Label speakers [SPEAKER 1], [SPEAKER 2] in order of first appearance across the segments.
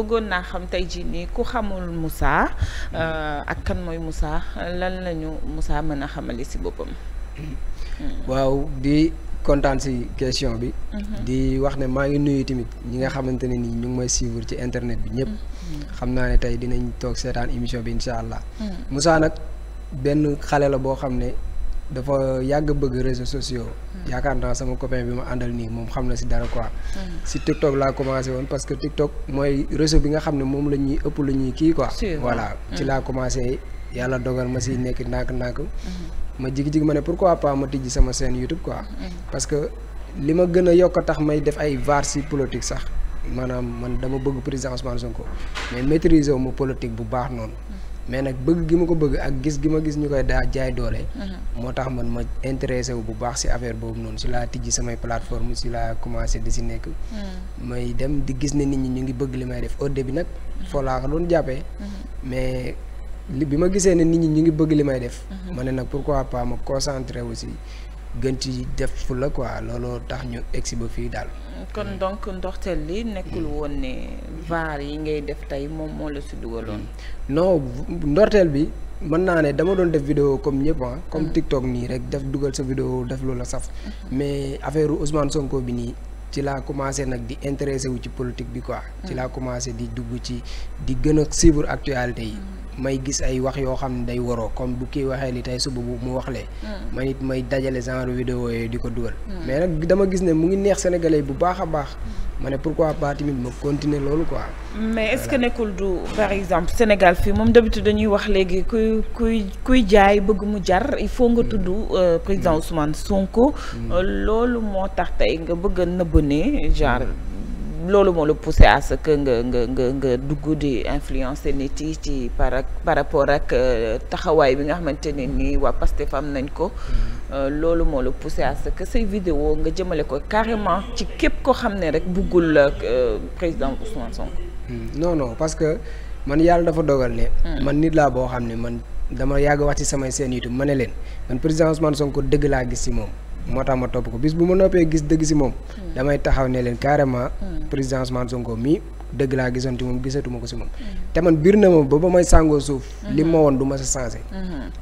[SPEAKER 1] bëggoon naa xam tey jii nii ku xamul Moussa euh, ak kan mooy Moussa lan nañu Moussa mën a xamali si boppam.
[SPEAKER 2] waaw di kontaan si question bi. Mhm. di wax ne maa ngi nuyu tamit ñi nga xamante ne nii ñu ngi may suivre ci internet bi ñëpp. Mhm. xam naa ne tey dinañ toog seetaan émission bi incha allah. Mhm. Moussa nag benn xale la boo xam ne. dafa yàgg bëgg réseaux sociaux. Hmm. yaakaar naa sama copain bi ma àndal nii moom xam na si dara quoi. Hmm. si TikTok laa commencé woon parce que TikTok mooy réseau bi nga xam ne moom la ñuy ëpp la ñuy kii quoi. voilà hmm. ci laa commencé yàlla dogal ma si nekk ndànk-ndànk. ma jigi-jigi ma ne pourquoi pas ma tijji sama seen YouTube quoi. parce que li ma gën a yokk a tax may def ay var si sax maanaam man dama bëgg président Ousmane Sonko mais maîtriser wu ma politique bu baax noonu. mais nag bëgg gi ma ko bëgg ak gis gi ma gis ñu koy daa jaay doole. Mhm. moo tax man ma intéressé wu bu baax ci affaire boobu noonu ci laa tijji samay plateforme ci laa commencé di si nekk. may dem di gis ne nit ñi ñu ngi bëgg li may def au début nag. Mhm. foo laa ko doon jàppee. Mhm. mais li bi ma gisee ne nit ñi ñu ngi bëgg li may def. ma ne nag pourquoi pas ma concentré wu ci gën ci def fu la looloo tax ñu egsi ba fii daal.
[SPEAKER 1] kon donc ndoxteel li nekkul mm. woon ne vaar yi ngay def tey moom moo la si dugaloon.
[SPEAKER 2] Mm. no ndorteel bi mën naa ne dama doon def vidéo comme ñëpp ah. comme mm. TikTok nii rek def dugal sa vidéo def lu la saf. Mm-hmm. mais affaire Ousmane Sonko bi nii. ci laa commencé nag di intéressé wu ci politique bi quoi. Mm. ci laa commencé di dugg ci di gën a suivre actualité yi. may gis ay wax yoo xam ne day waroo comme bu kii waxee li tey suba bu mu wax lee. ma it may dajale genre vidéo yooyu di ko dugal. mais nag dama gis ne mu bu baax a baax. ma ne pourquoi pas tamit ma continuer loolu quoi.
[SPEAKER 1] mais est-ce que nekkul du par exemple Sénégal fii moom d'habitude dañuy wax léegi kuy kuy kuy jaay bëgg mu jar il faut nga tuddu mm. euh, président mm. Ousmane Sonko. Mm. Euh, loolu moo tax tey nga bëgg a nëbb ne genre. loolu moo la poussé à ce que nga nga nga nga dugg di influencer nit yi ci par ak par rapport ak euh, taxawaay bi nga xamante ne nii waa Pastef am nañ ko mm-hmm. euh, loolu moo la poussé à ce que say vidéo nga jëmale ko carrément ci képp ko xam ne rek buggul euh, président Ousmane Sonko
[SPEAKER 2] mm-hmm. non non parce que man yàlla dafa dogal ne mm. man nit laa boo xam ne man dama yàgg wax ci samay seen YouTube ma ne leen man président Ousmane Sonko dëgg laa gis ci moom moo tax ma topp ko bis bu ma noppee gis dëgg si moom. Hmm. damay taxaw ne leen carrément. Hmm. président Ousmane Sonko mii dëgg laa gisoon ci moom gisatuma ko si moom. Hmm. te man biir na ma ba ba may sàngoo suuf. li ma woon du ma sa changé.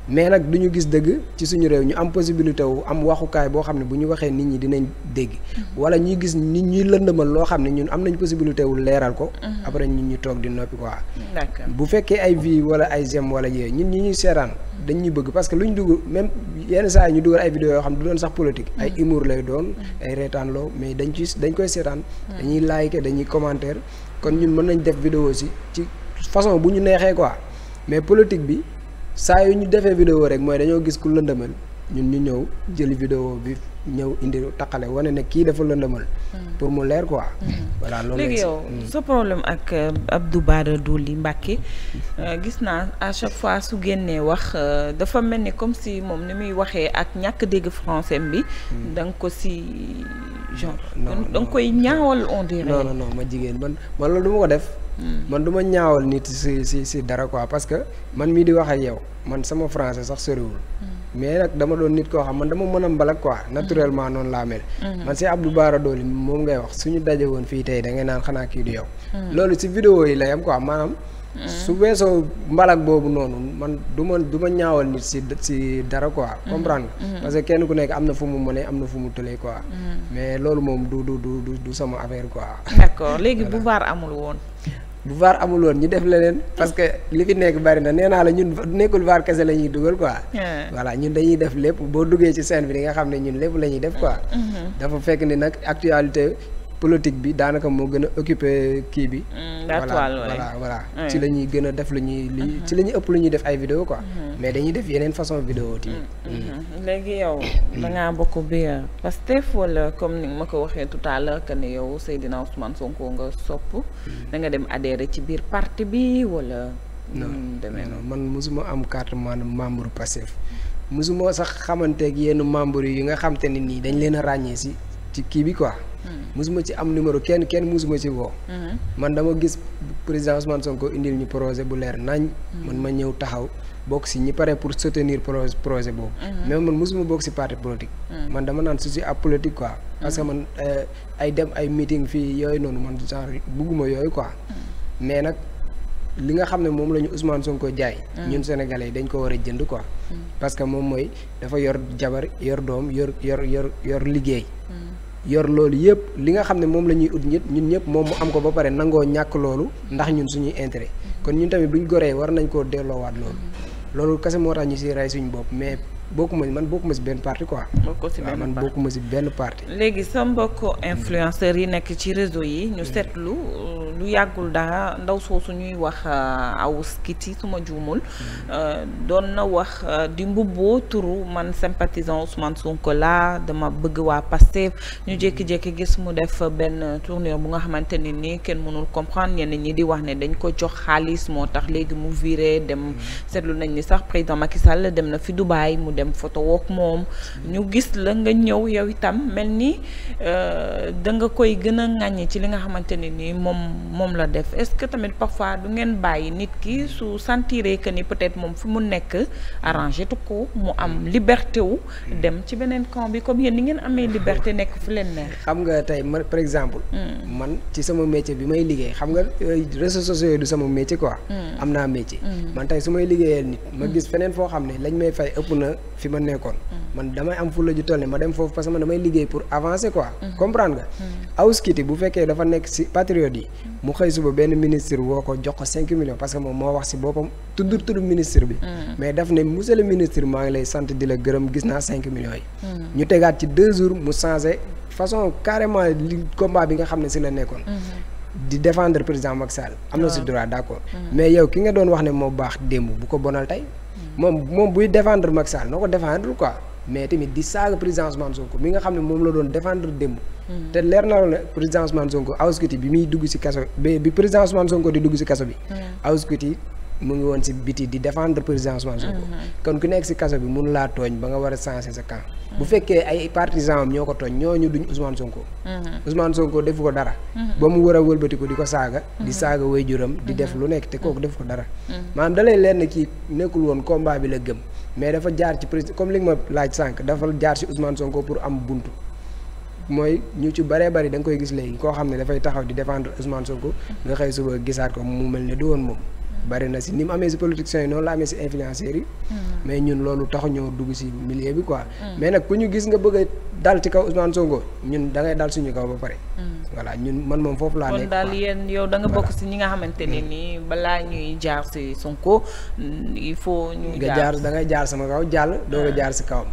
[SPEAKER 2] mais nag du ñu gis dëgg ci suñu réew ñu am possibilité wu am waxukaay boo xam ne bu ñu waxee nit ñi dinañ dégg. wala ñuy gis nit ñuy lëndëmal loo xam ne ñun am nañ possibilité wu leeral ko. après ñun ñu toog di noppi quoi. bu fekkee ay vie wala ay gem wala yooyu ñun ñi ñuy seeraan. dañ ñu bëgg parce que lu ñu dugg même yenn saa yi ñu dugal ay vidéo yoo xam du doon sax politique ay mm. humour lay doon ay reetaanloo mais dañ ci dañ koy seetaan mm. dañuy liker dañuy commentaire kon ñun mën nañ def video si ci façon bu ñu neexee quoi mais politique bi saa yu ñu defee vidéo rek mooy dañoo gis ku lëndëmal ñun ñu ñëw jël vidéo bi ñëw indi taqale wane ne kii dafa lëndëmal hmm. pour mu leer quoi. Hmm.
[SPEAKER 1] voilà loolu léegi yow hmm. sa problème ak euh, Abdou Bara Dolly Mbacké euh, gis naa à chaque fois su génnee wax euh, dafa mel ni comme si moom ni muy waxee ak ñàkk dégg français bi. da ko si genre. da koy
[SPEAKER 2] ñaawal on dirait. non non ma jigéen man man loolu du ma ko def. man du ñaawal nit si si si dara quoi parce que man mii di wax ak yow man sama français sax soriwul. mais nag dama doon nit koo xam man dama mën a mbalak quoi naturellement mm-hmm. noonu laa mel. Mm-hmm. man si Abdou Bara Dolly moom ngay wax suñu daje woon fii tey da ngay naan xanaa kii du yow. Mm-hmm. loolu si vidéo yi lay am quoi maanaam. su weesoo mbalak boobu noonu man du ma du ma ñaawal nit si si dara quoi. comprendre nga parce kenn ku nekk am na fu mu mënee am na fu mu tëlee quoi. mais loolu moom du du du du sama affaire quoi.
[SPEAKER 1] d'accord léegi bu baar amul woon.
[SPEAKER 2] bu vaar amul woon ñu def leneen parce que li fi nekk bari na la ñun nekkul vaar kese la ñuy dugal quoi. voilà ñun dañuy def lépp boo duggee ci scène bi di nga xam ne ñun lépp la ñuy def quoi. Mm-hmm. dafa fekk ni nag actualité politique bi daanaka moo gën a occupé kii bi. Mm, la toile voilà voilà ci la ñuy gën a def lu ñuy li mm-hmm. ci la ñuy ëpp lu ñuy def ay vidéo quoi. Mm-hmm. mais dañuy def yeneen façon vidéo mm-hmm.
[SPEAKER 1] tamit. Mm. léegi yow. Mm. da ngaa bokk bi Pastef wala comme ni ma ko waxee tout à l'heure que ni yow Seydina Ousmane Sonko nga sopp da nga dem adhéré ci biir parti bi wala.
[SPEAKER 2] non man mosuma am carte membre Pastef mosuma sax xamanteeg yenn membre yi nga xam te ne nii dañ leen a ràññee si ci kii bi quoi. Mm-hmm. musuma ci am numéro kenn kenn musuma ci woo. Mm-hmm. man dama gis président Ousmane Sonko indil ñu projet bu leer nañ. Mm-hmm. man ma ñëw taxaw bokk si ñi pare pour soutenir projet projet boobu. mais man musuma bokk si parti politique. man dama naan su si apolitique quoi. parce que man euh, ay dem ay meeting fii yooyu noonu man genre bugguma yooyu koi mais nag li nga xam ne moom la ñu Ousmane Sonko jaay. ñun sénégalais dañ ko war a jënd quoi. parce que moom mooy dafa yor jabar yor doom yor yor yor yor liggéey. yor loolu yëpp li nga xam ne moom la ñuy ut ñit ñun ñëpp moom mu am ko ba pare nangoo ñàkk loolu ndax ñun suñuy intérêt kon ñun tamit buñ goree war nañ koo delloowaat loolu loolu kese moo tax ñu si rey suñu bopp mais bokkuma man bokkuma si benn parti quoi.
[SPEAKER 1] bokkoo si benn man
[SPEAKER 2] bokkuma si benn parti.
[SPEAKER 1] léegi sa mbokk influenceurs yi nekk ci réseau yi ñu seetlu. lu yàggul daa ndaw soosu ñuy wax euh, awus kiti su ma juumul mm-hmm. euh, doon na wax euh, di mbubboo turu man sympathisant Ousmane Sonko laa dama bëgg waa Pastef ñu mm-hmm. jékki-jékki gis mu def benn tournure bu nga xamante ne nii kenn mënul comprendre ñenn ñi di wax ne dañ ko jox xaalis moo tax léegi mu viré dem mm-hmm. seetlu nañ ni sax président Macky Sall dem na fi Dubaï mu dem photo wook moom ñu gis la nga ñëw yow itam mel ni da nga koy gën a ŋàññi ci li nga xamante ne nii moom moom la def est-ce que tamit parfois du ngeen bàyyi nit ki su sentiree que ni peut-être moom fu mu nekk arrangé tu ko mu am liberté wu dem ci beneen camp bi comme yéen ni ngeen amee liberté nekk fu leen neex.
[SPEAKER 2] xam nga tey man par hmm. man ci sama métier bi may liggéey xam nga euh, réseaux sociaux yi du sama métier quoi. Hmm. am naa métier. Hmm. man tey su may liggéeyal nit. ma gis feneen foo xam ne lañ may fay ëpp na fi ma nekkoon. man damay am fulla ju toll ne ma dem foofu parce ma man damay liggéey pour avancer quoi. comprendre nga. Ouskiti bu fekkee dafa nekk ci patriote yi. mu xëy suba benn ministre woo ko jox ko cinq millions parce que moom moo wax si boppam tudd tudd ministre bi. Mm. mais daf ne monsieur le ministre maa ngi lay sant di la gërëm gis naa cinq millions yi. Mm. ñu tegaat ci deux jours mu changé façon carrément li combat bi nga xam ne si la nekkoon.
[SPEAKER 1] Mm-hmm.
[SPEAKER 2] di défendre président maxal am na si ah. droit d' accord. Mm. mais yow ki nga doon wax ne moo baax démb bu ko bonal tey. moom moom buy défendre Macky Sall noo ko defendre quoi. mais tamit di saaga président Ousmane Sonko mi nga xam ne moom la doon défendre démb. Hmm. te leer na ne président Ousmane Sonko Awskuti bi muy dugg si Sonko di dugg si hmm. di défendre président Ousmane Sonko. Hmm, kon si kaso bi mun laa tooñ ba nga war a sa camp. bu fekkee ay partisans am ñoo ko tooñ ñooñu duñ Ousmane Sonko. Ousmane Sonko ko dara. ba mu war a wëlbatiku di ko saaga. di saaga waajuram di def lu nekk te kook def ko dara. maanaam da lay leer ne kii nekkul woon combat bi la gëm. mais dafa jaar ci président comme li nga ma laaj sànq dafa jaar ci Ousmane Sonko pour am buntu mooy ñu ci baree bari da nga koy gis léegi koo xam ne dafay taxaw di défendre Ousmane Sonko nga xëy suba gisaat ko mu mel ne du woon moom. bari na si ni mu amee si politiciens yi noonu la amee si influenceurs yi. Hmm. mais ñun loolu tax ñoo dugg si millier bi quoi. Hmm. mais nag ku ñu gis nga bëgg a dal ci kaw Ousmane Sonko ñun dangay ngay dal suñu kaw ba pare. Hmm. voilà ñun man moom foofu laa nekk kon daal
[SPEAKER 1] yéen yow da nga bokk si ñi nga xamante ne mm. nii balaa ñuy jaar si Sonko il faut. ñu jaar nga jaar da
[SPEAKER 2] ngay jaar sama kaw jàll doo ah. jaar si kawam.